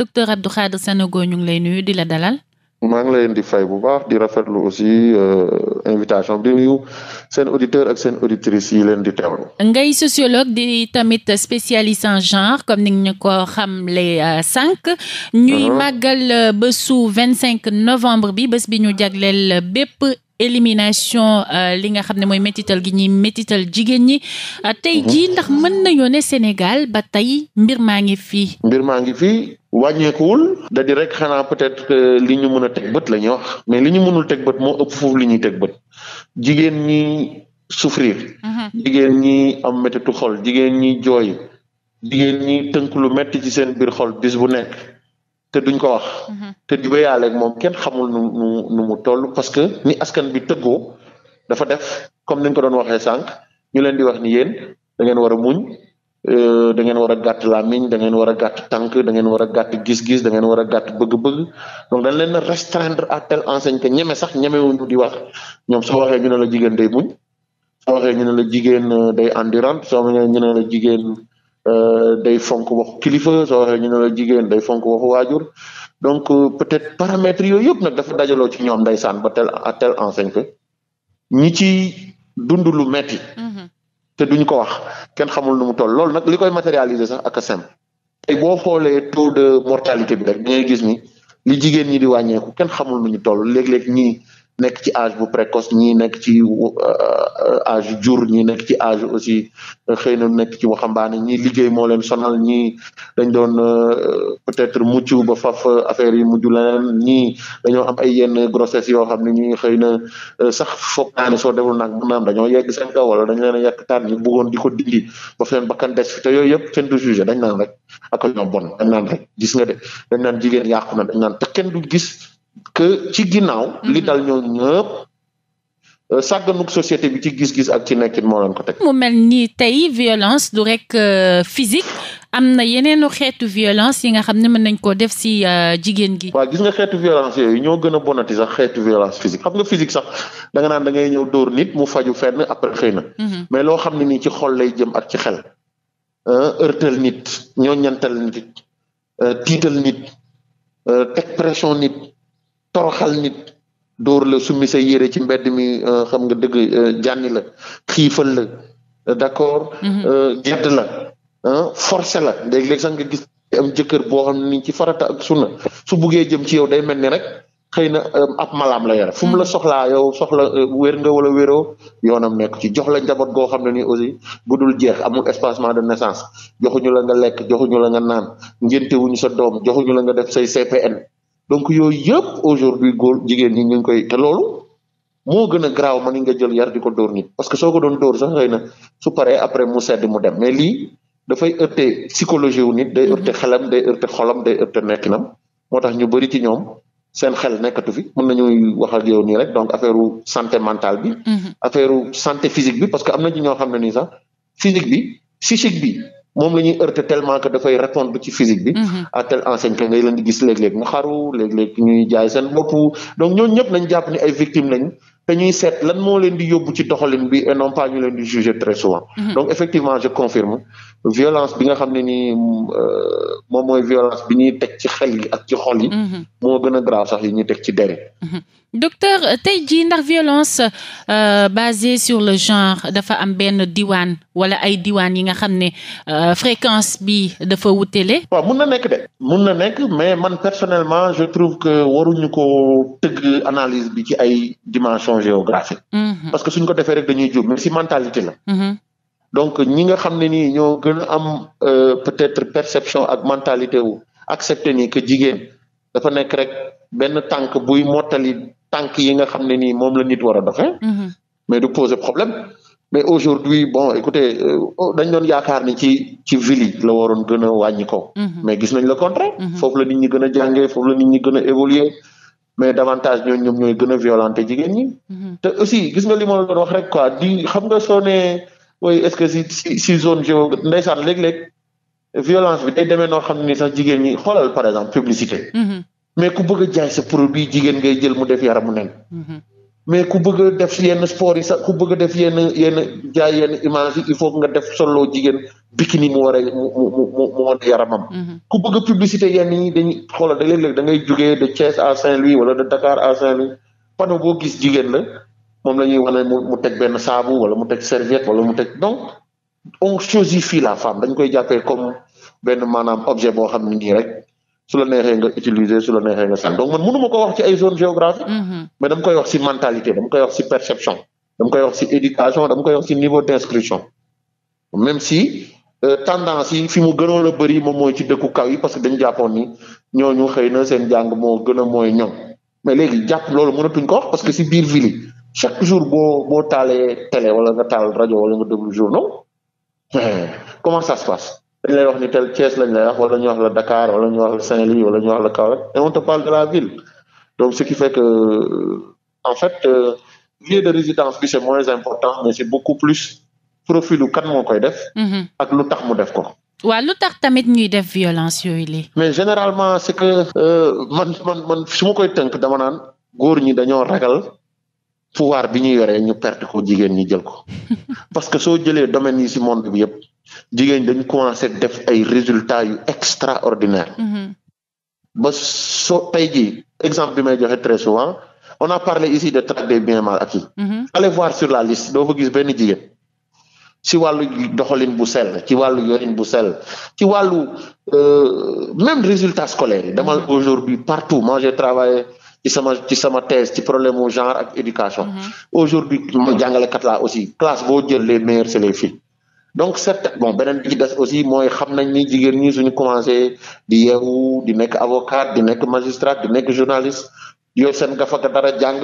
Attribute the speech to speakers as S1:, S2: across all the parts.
S1: docteur Abdou Khadre Sanogo ñu ngi lay nuyu di la dalal.
S2: maa ngi leen di fay bu baax di rafetlu aussi euh, invitation bi di nuyu seen auditeur ak seen auditrices yi leen di teewlu.
S1: ngay sociologue di tamit spécialiste en genre comme ni ñu ko le euh, sànq. ñuy uh-huh. màggal euh, bésu vingt cinq novembre bi bés bi ñu jagleel bépp. élimination euh, li nga xam ne mooy métital gi ñuy métital jigéen ñi euh, tey mhm. jii ndax mën nañoo ne Sénégal ba tey mbir maa ngi fii
S2: mbir maa ngi fii wàññeekuwul da rek xanaa peut-être li ñu mën a teg bët la ñuy wax mais li ñu mënul teg bët moo ëpp foofu li ñuy teg bët jigéen ñi souffrir mhm. jigéen ñi am métitu xol jigéen ñi jooy jigéen ñi tënk lu metti ci seen biir xol bis bu nekk te duñ ko wax. Mhm. te di wéyaale moom kenn xamul nu nu nu mu toll parce que ni askan bi tëggoo dafa def comme ni ñu ko doon waxee sànq ñu leen di wax ni yéen da ngeen war a muñ euh, da ngeen war a gàtt làmmiñ da ngeen war a gàtt tànk da ngeen war a gàtt gis-gis da ngeen war a gàtt bëgg-bëgg donc dañ leen a restreindre à telle enseigne que ñeme sax ñemewuñu di wax ñoom soo waxee ñu ne la jigéen day muñ soo waxee ñu ne la jigéen euh, day endurante soo waxee ñu ne la jigéen. Euh, day fonk waxu kilifa soo waxee ñu ne la jigéen day fonk waxu waajur donc euh, peut-être paramètres yooyu yëpp nag dafa dajaloo ci ñoom ndeysaan ba tel à tel enseigne que ñi ci dund lu metti mm-hmm. te duñ ko wax kenn xamul nu mu toll loolu nag li koy matérialiser sax ak a simple boo xoolee taux de mortalité bi rek da gis ni li jigéen ñi di wàññeeku kenn xamul nu ñu toll léeg-léeg nekk ci âge bu précoce ñii nekk ci euh, euh, âge jur ñii nekk ci âge aussi euh, xëy na nekk ci waxambaane ñi liggéey moo leen sonal ñii dañ doon peut-être mucc ba faf affaire yi mujj leneen ñii dañoo am ay yenn grossesse yoo xam ne ñii xëy na sax foog naa ne soo deful nag mën naam dañoo yegg seen kaw wala dañ leen a yàq taan ñu bëggoon di ko dindi ba fi leen des te yooyu yëpp kenn du jugé dañ naan rek ak ñoo bon dañ naan rek gis nga de dañ naan jigéen yàqu na dañ naan te kenn du gis que ci ginnaaw. Mhm. li dal ñoom ñëpp. Euh, sàgganuk société bi ci gis-gis ak ci nekkin moo leen ko teg.
S1: mu mel nii tey violence du rek euh, physique am na yeneenu xeetu violence yi nga xam ne mën nañ koo def si euh, jigéen gi.
S2: waa gis nga xeetu violence yooyu ñoo gën a bonati sax xeetu violence physique xam nga physique sax danga nga naan da ngay ñëw dóor nit mu faju fenn après xëy na. Mhm. mais loo xam ne nii ci xol lay jëm ak ci xel. ërtal nit ñoo ñantal nit tiital nit teg toroxal nit dóor la summi sa yére ci mbedd mi euh, xam nga dëgg euh, jànni la xiifal la d'accord mhm. euh, gedd la forcé la léeg-léeg sax nga gis jëkkër boo xam ne ni ci farata ak sunna su buggee ci yow day mel ni rek xëy na ab malaam la yore fu mu la mhm. soxlaa yow soxla wér nga wala wéroo yoonam nekk ci jox la njaboot goo xam ne ni aussi bu dul jeex amul espacement de naissance joxuñu la nga lekk joxuñu la nga naan ngéntewuñu sa doom joxuñu la nga def say CPN donc yooyu yëpp aujourd'hui góor jigéen ñi ñu ngi koy te loolu moo gën a garaaw man nga jël yar di ko dóor nit parce que soo ko doon dóor sax xëy na su paree après mu sedd mu dem mais lii dafay heurter psychologie wu nit day mhm. heurter xelam day heurter xolam day heurter nekkinam moo tax ñu bëri ci ñoom seen xel nekkatu fi mën nañuy wax ak yow nii rek donc affaire santé mentale bi. Mhm. affaire santé physique bi parce que am na ñu ñoo xam ne nii sax physique bi psychique bi. moom la ñuy heurter tellement que dafay répondre ci physique bi. Mm-hmm. à telle enseigne que ngay leen di gis léeg-léeg nga xaru léeg-léeg ñuy jaay seen bopp donc ñooñu ñëpp nañ jàpp ni ay victimes lañ. te ñuy seet lan moo leen di yóbbu ci doxalin bi et non pas ñu leen di juger très souvent. Mm-hmm. donc effectivement je confirme violence bi nga xam ne nii euh, moom mooy violence bi ñuy teg ci xel yi ak ci xol yi. Mm-hmm. moo gën a grave sax yi ñuy teg ci dere.
S1: docteur tey jii ndax violence euh, basée sur le genre dafa am benn diwaan wala ay diwaan yi nga xam ne euh, fréquence bi dafa wutele waaw mun na nekk de
S2: mun na nekk mais man personnellement je trouve que waruñu ko tëgg analyse bi ci ay dimension géographique mm parce que suñ ko defee rek dañuy jub si mentalité la mm donc ñi nga xam ne ni ñoo gën am euh, peut-être perception ak mentalité wu accepté ni que jigéen dafa nekk rek benn tànk buy mottali tànk yi nga xam ne ni moom la nit war a doxee. Mm-hmm. mais du poser problème mais aujourd'hui bon écoutez euh, oh, dañ doon yaakaar ni ci ci ville la waroon gën a wàññi ko. Mm-hmm. mais gis nañ le contraire. Mm-hmm. foofu la nit ñi gën a jàngee foofu la nit ñi gën a évoluer mais davantage ñooñu ñoom ñooy gën a violenté jigéen ñi. aussi gis nga li ma la doon wax rek quoi di xam nga soo nee oui est-ce que si si si zone géo ndeysaan léeg-léeg violence bi day demee noo xam ni sax jigéen ñi xoolal par exemple publicité. Mm mais ku bëgg a jaay sa produit jigéen ngay jël mu def yaramu nen mm-hmm. mais ku bëgg a def yenn sport yi sax ku bëgg def yenn yenn jaay yenn image il faut nga def solo jigéen bikini mu war a mu mu mu mu wane yaramam. Mm-hmm. ku bëgg a publicité yenn ñi dañuy xoolal da léeg-léeg da ngay jugee de Thiès à Saint-Louis wala de Dakar à Saint-Louis panneau boo gis jigéen la moom la ñuy wane mu mu teg benn saabu wala mu teg serviette wala mu teg donc on chosifie la femme dañ koy jàppee comme benn maanaam objet boo xam ne nii rek. su la neexee nga utiliser su la neexee nga sànni donc man mënu ma ko wax ci ay zone géographique mm-hmm. mais dama koy wax ci mentalité dama koy wax ci perception dam koy wax ci éducation dama koy wax ci niveau d'inscription même si euh, tendance yi fi mu gënoon a bëri moom mooy ci dëkku kaw yi parce que dañu jàppoon ni ñooñu xëy na seen jàng moo gën mooy ñoom mais léegi jàpp loolu mënatuñ ko wax parce que si biir ville chaque jour boo boo taalee télé wala nga taal rajo wala nga déglu journaux comment dañ lay wax ni tel Thiès lañ lay wax wala ñu wax la Dakar wala ñu wax la Saint-Louis wala ñu wax la Kaolack et te parle de la ville donc ce qui fait que en fait euh, lieu de résidence bi c'est moins important mais c'est beaucoup plus profilu kan moo koy def mhm. ak lu tax mu def ko
S1: waaw lu tax tamit ñuy def violence yooyu lii
S2: mais généralement c'est que euh, man man man su ma koy tënk dama naan góor ñi dañoo ragal pouvoir bi ñu yoree ñu perte ko jigéen ñi jël ko parce que soo jëlee domaine yi ci monde jigéen dañ commencé def ay résultats yu extraordinaire mm-hmm. ba soo tey jii exemple bi may joxe très souvent on a parlé ici de traque des biens mal acquis mm-hmm. allez voir sur la liste doo fa gis benn jigéen ci wàllu doxalin bu sell ci wàllu yorin bu sell ci wàllu euh, même résultat scolaire yi demal mm-hmm. aujourd'hui partout moi j'ai ci sama ci sama thèse ci problème mu genre ak éducation aujourd'hui jàngalekat laa aussi classe boo jël les meilleurs c'est les filles donc certain bon beneen bi ci des aussi mooy xam nañ ni jigéen ñi suñu commencé di yeewu di nekk avocat di nekk magistrat di nekk journaliste yooyu seen gafaka dara jàng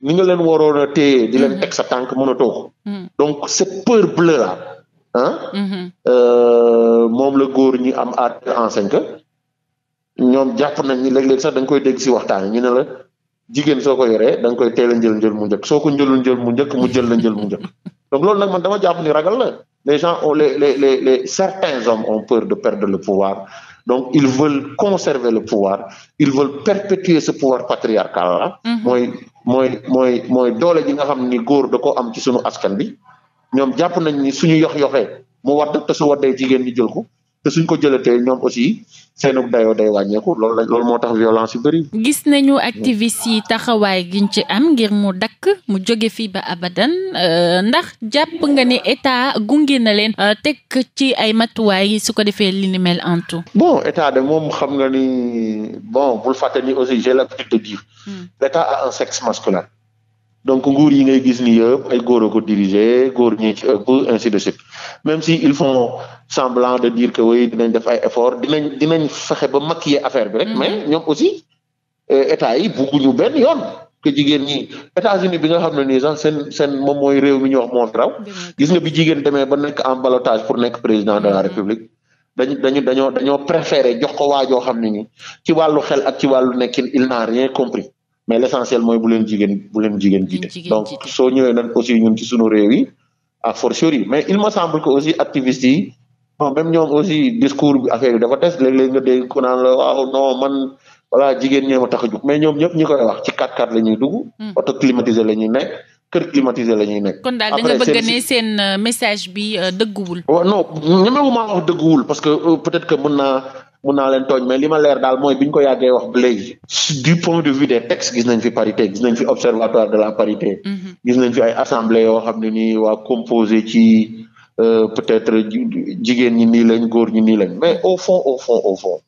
S2: ni nga leen waroon a téye di leen mm-hmm. teg sa tànk mënatoo ko mm-hmm. donc cette peur bleue là ah moom la góor ñi am à en que ñoom jàpp nañ ni léeg-léeg sax da nga koy dégg si waxtaan ñu ne la jigéen soo ko yoree da koy teel a jël njël mu njëkk soo ko njëlul jël mu njëkk mu jël la jël mu njëkk donc loolu nag man dama jàpp ni ragal la Les gens ont les, les, les, les, certains hommes on peur de perdre le pouvoir. Donc, ils veulent conserver le pouvoir, ils veulent perpétuer ce pouvoir patriarcal là. Mhm. mooy mooy mooy mooy doole ji nga xam ni góor da koo am ci suñu askan bi ñoom jàpp nañ ni suñu yox yoxee mu wadd te su waddee jigéen ñi jël ko. te suñ ko jëlatee ñoom aussi seenug dayoo day wàññeeku loolu la loolu moo tax violence yu bëri.
S1: gis nañu activiste yi taxawaay giñ ci am ngir mu dakk mu jóge fii ba abadan euh, ndax jàpp nga ne état gunge na leen euh, teg ci ay matuwaay yi su ko defee li ni mel en tout.
S2: bon état de moom xam nga ni bon bul fàtte ni aussi j'ai l'habitude de dire. Hmm. l'état a un sexe masculin. donc nguur yi ngay gis ni yëpp ay góor a ko diriger góor ñi ci ëpp même si ils font semblant de dire que oui dinañ def ay effort dinañ dinañ fexe ba maquiller affaire bi rek mm-hmm. mais ñoom aussi euh, état yi bugguñu benn yoon que jigéen ñi États-Unis bi nga xam ne nii sax seen seen moom mooy réew mi ñu wax moo raw gis nga bi jigéen demee ba nekk en ballottage pour nekk président de la mm-hmm. République dañu dañoo dañoo préféré jox ko waajoo xam ne ni ci wàllu xel ak ci wàllu nekkin il n'a rien compris mais l'essentiel mooy bu leen jigéen bu leen jigéen jiite donc soo ñëwee nag aussi ñun ci sunu réew yi à fortiori mais il me semble que aussi activistes yi bon ñoom aussi discours bi affaire yi dafa des léeg-léeg nga dégg ko naan la waaw non man voilà jigéen ñee ma tax a jóg mais ñoom ñëpp ñi koy wax ci 4x4 la ñuy dugg. Hmm. oto climatisé la ñuy nekk kër climatisé la ñuy nekk. kon daal da
S1: seen euh, message bi euh, dëgguwul.
S2: waaw non ñemewuma wax dëgguwul parce que euh, peut-être que mën naa mën naa leen tooñ mais li ma leer daal mooy bi ñu ko yàggee wax ba léegi. du point de vue des textes gis nañ fi parité gis nañ fi observatoire de la parité. Hmm. gis nañ fi ay assemblée yoo xam ne nii waa composé ci euh, peut-être jigéen ñi nii lañ góor ñi nii lañ mais au fond au fond au fond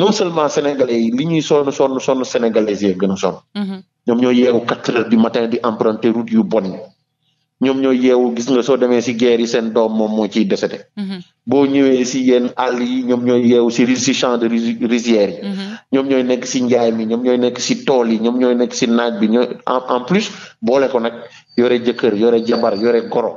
S2: non seulement sénégalais yi li ñuy sonn sonn sonn sénégalais yi gën a sonn. Mm-hmm. ñoom ñoo yeewu quatre heures du matin di emprunter route yu bon ñoom ñooy yeewu gis nga soo demee si guerre yi seen doom moom moo ciy décédé mm-hmm. boo ñëwee si yenn àll yi ñoom ñooy yeewu si si champ de rizières yi mm-hmm. ñoom ñooy nekk si njaay mi ñoom ñooy nekk si tool yi ñoom ñooy nekk si naaj bi ñoo en plus boole ko nag yore jëkkër yore jabar yore koro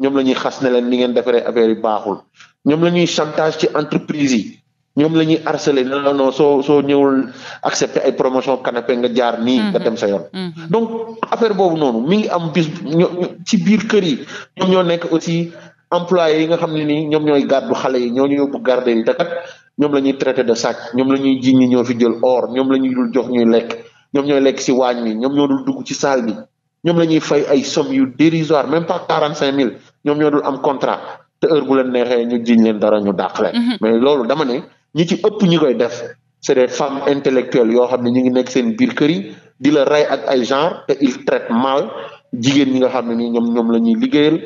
S2: ñoom la ñuy xas ne leen ni ngeen defaree affaire yi baaxul ñoom la ñuy chantage ci entreprise yi ñoom la ñuy harceler ne la non soo soo ñëwul accepter ay promotion canapé nga jaar nii nga mhm. dem sa yoon mhm. donc affaire boobu noonu mi ngi am bis ci biir kër yi ñoom ñoo nekk aussi employé yi nga xam ne nii ñoom ñooy gàddu xale yi ñoo ñu yóbbu garde yi te ñoom la ñuy traité de sàcc ñoom la ñuy jiñ ñi ñoo fi jël oor ñoom la ñuy dul jox ñuy lekk ñoom ñooy lekk si waañ mi ñoom ñoo dul dugg ci salle bi ñoom la ñuy fay ay somme yu dérisoire même pas quarante cinq mille ñoom ñoo dul am contrat te heure bu leen neexee ñu jiñ leen dara ñu dàq leen mhm. mais loolu dama ne ñi ci ëpp ñi koy def c'est des femmes intellectuelles yoo xam ne ñu ngi nekk seen biir kër di la rey ak ay genre te ils traitent mal jigéen ñi nga xam ne ni ñoom ñoom la ñuy liggéeyal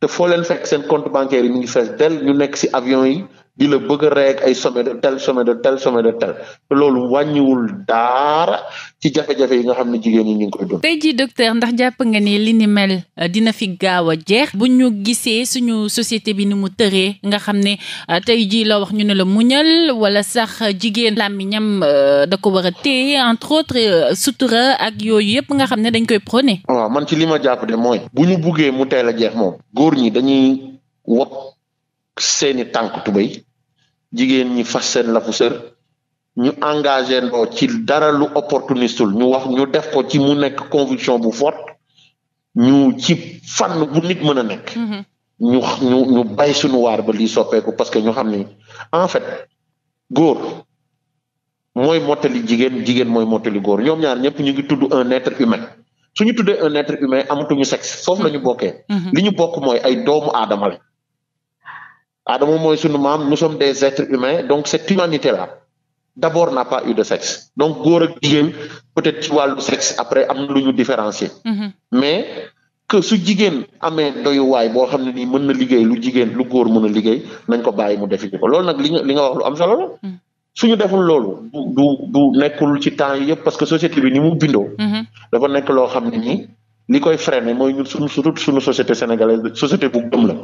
S2: te foo leen fekk seen compte bancaire yi mi ngi fees del ñu nekk ci avion yi di la bëgg a ay sommet de tel sommet de tel sommet de tel te loolu wàññiwul daara ci jafe-jafe yi nga xam ne jigéen ñi ñu ngi koy dund.
S1: tey jii docteur ndax jàpp nga ni li ni mel euh, dina fi gaaw a jeex bu ñu gisee suñu société bi ni mu tëree nga xam ne euh, tey jii la wax ñu ne la muñal wala sax jigéen làmmiñam euh, da ko war a téye entre autres sutura ak yooyu yëpp nga xam ne dañ koy
S2: prôné. waaw man ci li ma jàpp de mooy. bu ñu buggee mu teel a jeex moom. góor ñi dañuy wopp seeni tànk tubéy jigéen ñi fas seen lafu sër ñu engagé ndoo ci dara lu opportuniste ñu wax ñu def ko ci mu nekk conviction bu foot ñu ci fànn bu nit mën a nekk. Mm-hmm. ñu ñu ñu bay suñu waar ba lii soppeeku parce que ñu xam ni en fait góor mooy mottali jigéen jigéen mooy mottali góor ñoom ñaar ñëpp ñu ngi tudd un être humain su ñu tuddee un être humain amatuñu sexe foofu la ñu mm-hmm. bokkee. Mm-hmm. li ñu bokk mooy ay doomu aadama la Adama mooy sunu maam nous sommes des êtres humains donc cette humanité là d'abord n'a pas eu de sexe donc góor ak jigéen peut-être ci wàllu sexe après am na lu ñu différencier mm-hmm. mais que su jigéen amee doyuwaay boo xam ne nii mën na liggéey lu jigéen lu góor mën a liggéey nañ ko bàyyi mu defi ko loolu nag li nga li nga wax lu am solo la mm-hmm. suñu deful loolu du du du nekkul ci temps yëpp parce que société bi ni mu bindoo mm-hmm. dafa nekk loo xam ne nii li koy freiner mooy suñu surtout suñu société sénégalaise société bu gëm la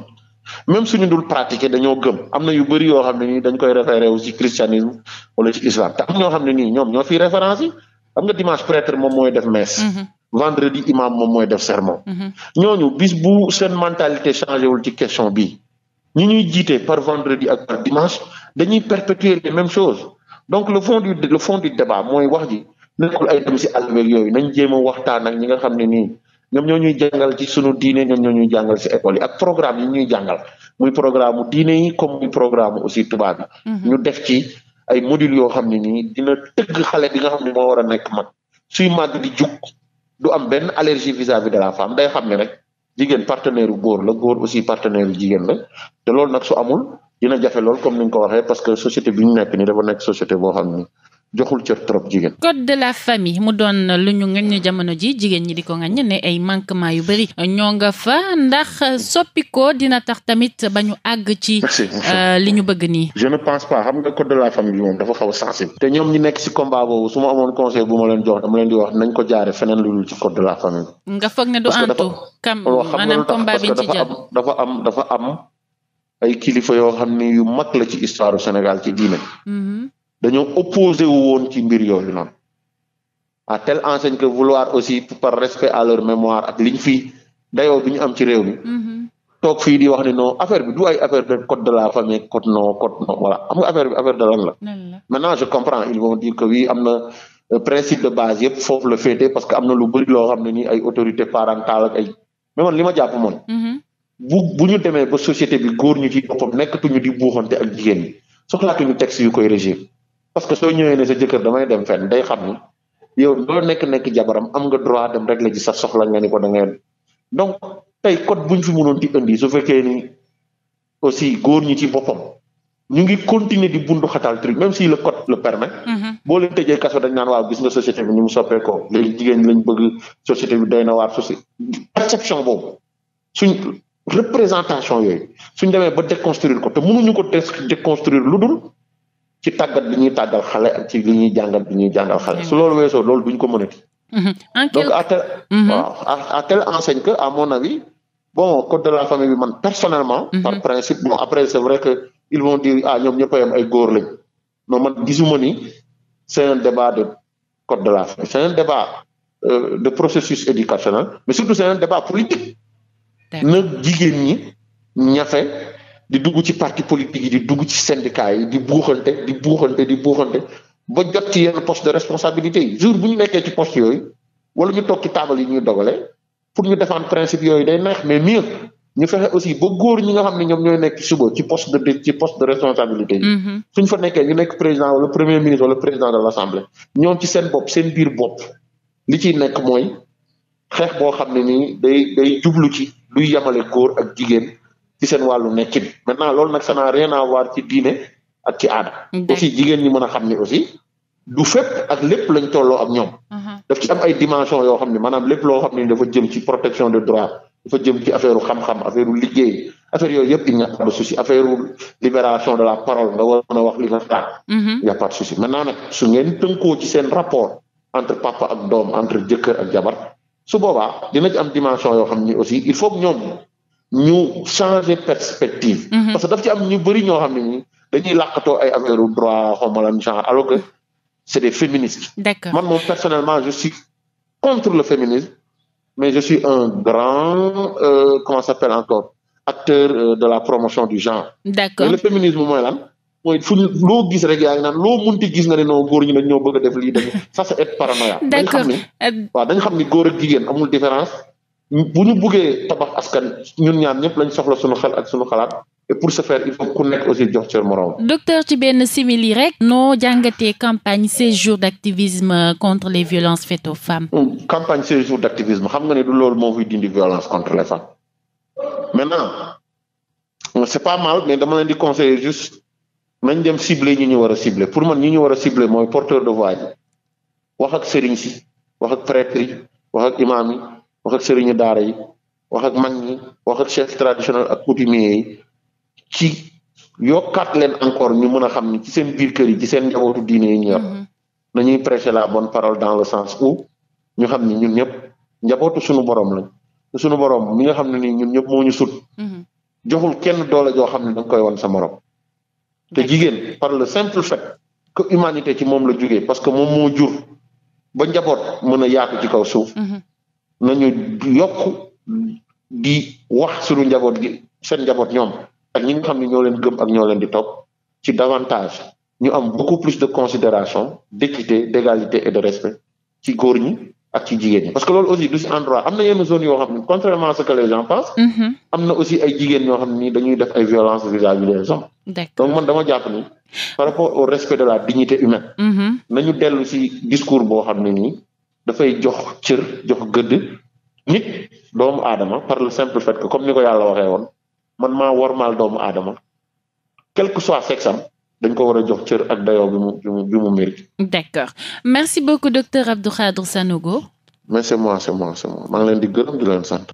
S2: même suñu dul pratiquer dañoo gëm am na yu bëri yoo xam ne nii dañ koy référé aussi christianisme wala ci islam te ñoo xam ne nii ñoom ñoo fi référence yi am nga dimanche prêtre moom mooy def messe. Mm-hmm. vendredi imam moom mooy def sermon. Mm-hmm. ñooñu bis bu seen mentalité changé wul ci question bi ñi ñuy jiite par vendredi ak par dimanche dañuy perpétuer les mêmes choses donc le fond du débat mooy wax ji nekkul ay dem si àll yooyu nañ jéem a waxtaan ak ñi ñoom ñoo ñuy jàngal ci suñu diine ñoom ñoo ñuy jàngal si école yi ak programme yi ñuy jàngal muy programme mu diine yi comme muy programme aussi tubaab yi. Mhm. ñu def ci ay modules yoo xam ne nii dina tëgg xale bi nga xam ne moo war a nekk mag suy màgg di jug du am benn allergie vis-à-vis de la femme day xam ne rek jigéen partenaire yu góor la góor aussi partenaire jigéen la te loolu nag su amul dina jafe lool comme ni ko waxee parce que société bi ñu nekk nii dafa nekk société boo xam joxul cër trop jigéen.
S1: code de la famille mu doon lu ñu ngañ jamono ji jigéen ñi di ko ngañ ne ay manquement yu bëri ñoo nga fa ndax soppikoo dina tax tamit ba ñu
S2: àgg ci. Euh, li ñu bëgg nii. je ne pense pas xam nga code de la famille moom dafa xaw a sensible. te ñoom ñi nekk ci combat boobu su ma amoon conseil bu ma leen jox dama leen di wax nañ ko jaare feneen lu dul ci code de la famille.
S1: nga foog ne du antu.
S2: kam maanaam combat bi ci jàll dafa am dafa am ay kilifa yoo xam ni yu mag la ci histoire Sénégal ci diine. Mhm. dañoo opposé wu woon ci mbir yooyu noonu à telle enseigne que vouloir aussi par respect à leur mémoire ak liñ fi dayoo bi ñu am ci réew mi. Mm-hmm. toog fii di wax ne non affaire bi du ay affaire de code de la famille code non code non voilà am que oui am na. Euh, principe de base yëpp foofu la féetee parce que am na lu bëri loo xam ne nii ay autorité parentale ak ay mais man li ma jàpp moom mm-hmm. bu bu ñu demee ba société bi góor ñu ci boppam nekkatuñu di buuxante ak jigéen ñi soxlaatuñu texte yu koy régir parce que soo ñëwee ne sa jëkkër damay dem fenn day xam ni yow loo nekk-nekk jabaram am nga droit dem rek la ji sa soxla nga ni ko da ngay donc tey code bu ñu fi munoon di indi su fekkee ni aussi góor ñi ci boppam ñu ngi continuer di bundu xatal truc même si le code le permet mm-hmm. boo leen tëjee kaso dañ naan waaw gis nga bi ñu mu soppeekoo léegi jigéen lañ bëgg société bi doy na waar société perception boobu suñ représentation yooyu suñ demee ba déconstruire ko te mënuñu ko déconstruire lu dul ci tàggat bi ñuy tàggal xale ci li ñuy jàngal bi ñuy jàngal xale su loolu weesoo loolu duñ ko mënati mm-hmm. donc à tel mm-hmm. waaw à telle enseigne que à mon code de la famille bi man personnellement mm-hmm. par principe bon après c'est vrai que ils vont dire ah, ñoom ñëpp a yem ay góor lañ mais man gisuma ni c'est un débat de code de la famille c'est un euh, de processus éducationnel mais surtout c'est un débat politique na jigéen ñi ñafe di dugg ci parti politique yi di dugg ci syndicat yi di buuxante di buuxante di buuxante ba jot ci yenn poste de responsabilité yi jour bu ñu nekkee ci poste yooyu wala ñu toog taabal yi ñuy dogale pour ñu défendre principe yooyu day neex mais mieux ñu fexe aussi ba góor ñi nga xam ne ñoom ñooy nekk suba ci poste de ci poste de responsabilité yi mm-hmm. suñ fa nekkee ñu nekk président wala premier ministre wala président de l'assemblée ñoom ci seen bopp seen biir bopp li ciy nekk mooy xeex boo xam ne ci seen wàllu nekkin maintenant loolu nag ça n'a rien à voir ci diine ak ci aada. aussi jigéen ñi mën a xam ni aussi du fépp ak lépp lañ tolloo ak ñoom. Uh-huh. daf ci am ay dimension yoo xam ne maanaam lépp loo xam ne dafa jëm ci protection de droit dafa jëm ci affaire xam-xam affaire liggéey affaire a pas de souci affaire libération a mën a wax uh-huh. a pas nag su ngeen tënkoo ci seen rapport entre papa ak doom entre jëkkër ak jabar su dina ci am dimension yoo xam ni aussi il faut ñoom. ñu changer perspective. Mhm. parce que daf ci am ñu bëri ñoo xam ne nii dañuy làqatoo ay affaire droit xaw ma lan genre alors que c' est des man moom personnellement je suis contre le féminisme mais je suis un grand euh, comment ça s'appelle encore acteur euh, de la promotion du genre. d'accord le féminisme mooy lan. mooy fu loo gis rek yaa ngi naan loo munti gis nga ne non góor ñi dañ ñoo bëgg a def lii dañuy ça c'est être paranoïa. d'accord dañ xam ni waaw dañ xam ni góor ak jigéen amul différence. bu ñu buggee tabax askan ñun ñaar ñëpp lañ soxla suñu xel ak suñu xalaat et pour ce faire il faut ku nekk aussi jox cër moroom.
S1: docteur ci benn simili rek. noo jàngatee campagne seize jours d' activisme contre les violences faites aux femmes.
S2: campagne seize jours d' activisme xam nga ne du loolu moo fiy dindi violence contre les femmes maintenant c' est pas mal mais dama leen di conseiller juste nañ dem cibler ñi ñu war a cibler pour man ñi ñu war a cibler mooy porteur de voix yi ak sëriñ si wax ak sëriñu daara yi wax ak mag ñi wax ak chef traditionnel ak coutumier yi ci yokkaat leen encore ñu mën a xam ni ci seen biir kër yi ci seen njabootu diine yi ñu yor mm-hmm. nañuy prêcher la bon parole dans le sens u ñu xam ni ñun ñëpp njabootu suñu borom lañ sunu borom mi nga xam ne nii ñun ñëpp moo ñu sut mm-hmm. joxul kenn doole joo xam ne da koy wan sa morom te jigéen par le simple fait que humanité ci moom la jugee parce que moom moo jur ba njaboot mën a yaatu ci kaw suuf mm-hmm. nañu yokk di wax suñu njaboot gi seen njaboot ñoom ak ñi nga xam ne ñoo leen gëm ak ñoo leen di topp ci davantage ñu am beaucoup plus de considération d'équité d'égalité et de respect ci góor ñi ak ci jigéen ñi parce que lool aussi du si endroit am na yenn zone yoo xam ne contrairement ce que les gens pensent mm-hmm. am na aussi ay jigéen ñoo xam ni dañuy def ay violences vis-à-vis des hommes donc man dama jàpp ni par rapport au respect de la dignité humaine mm-hmm. nañu dellu si boo xam ne nii dafay jox cër jox gëdd nit doomu aadama par le simple fait que comme ni ko yàlla waxee woon man maa wormaal doomu aadama quelque que soit sexe dañ ko war a jox cër ak dayoo bi mu bi mu bi mu mérite.
S1: d'accord merci beaucoup docteur Abdou Khadre Sanogo.
S2: mais c'est moi c'est moi c'est moi maa ngi leen di gërëm di leen sant.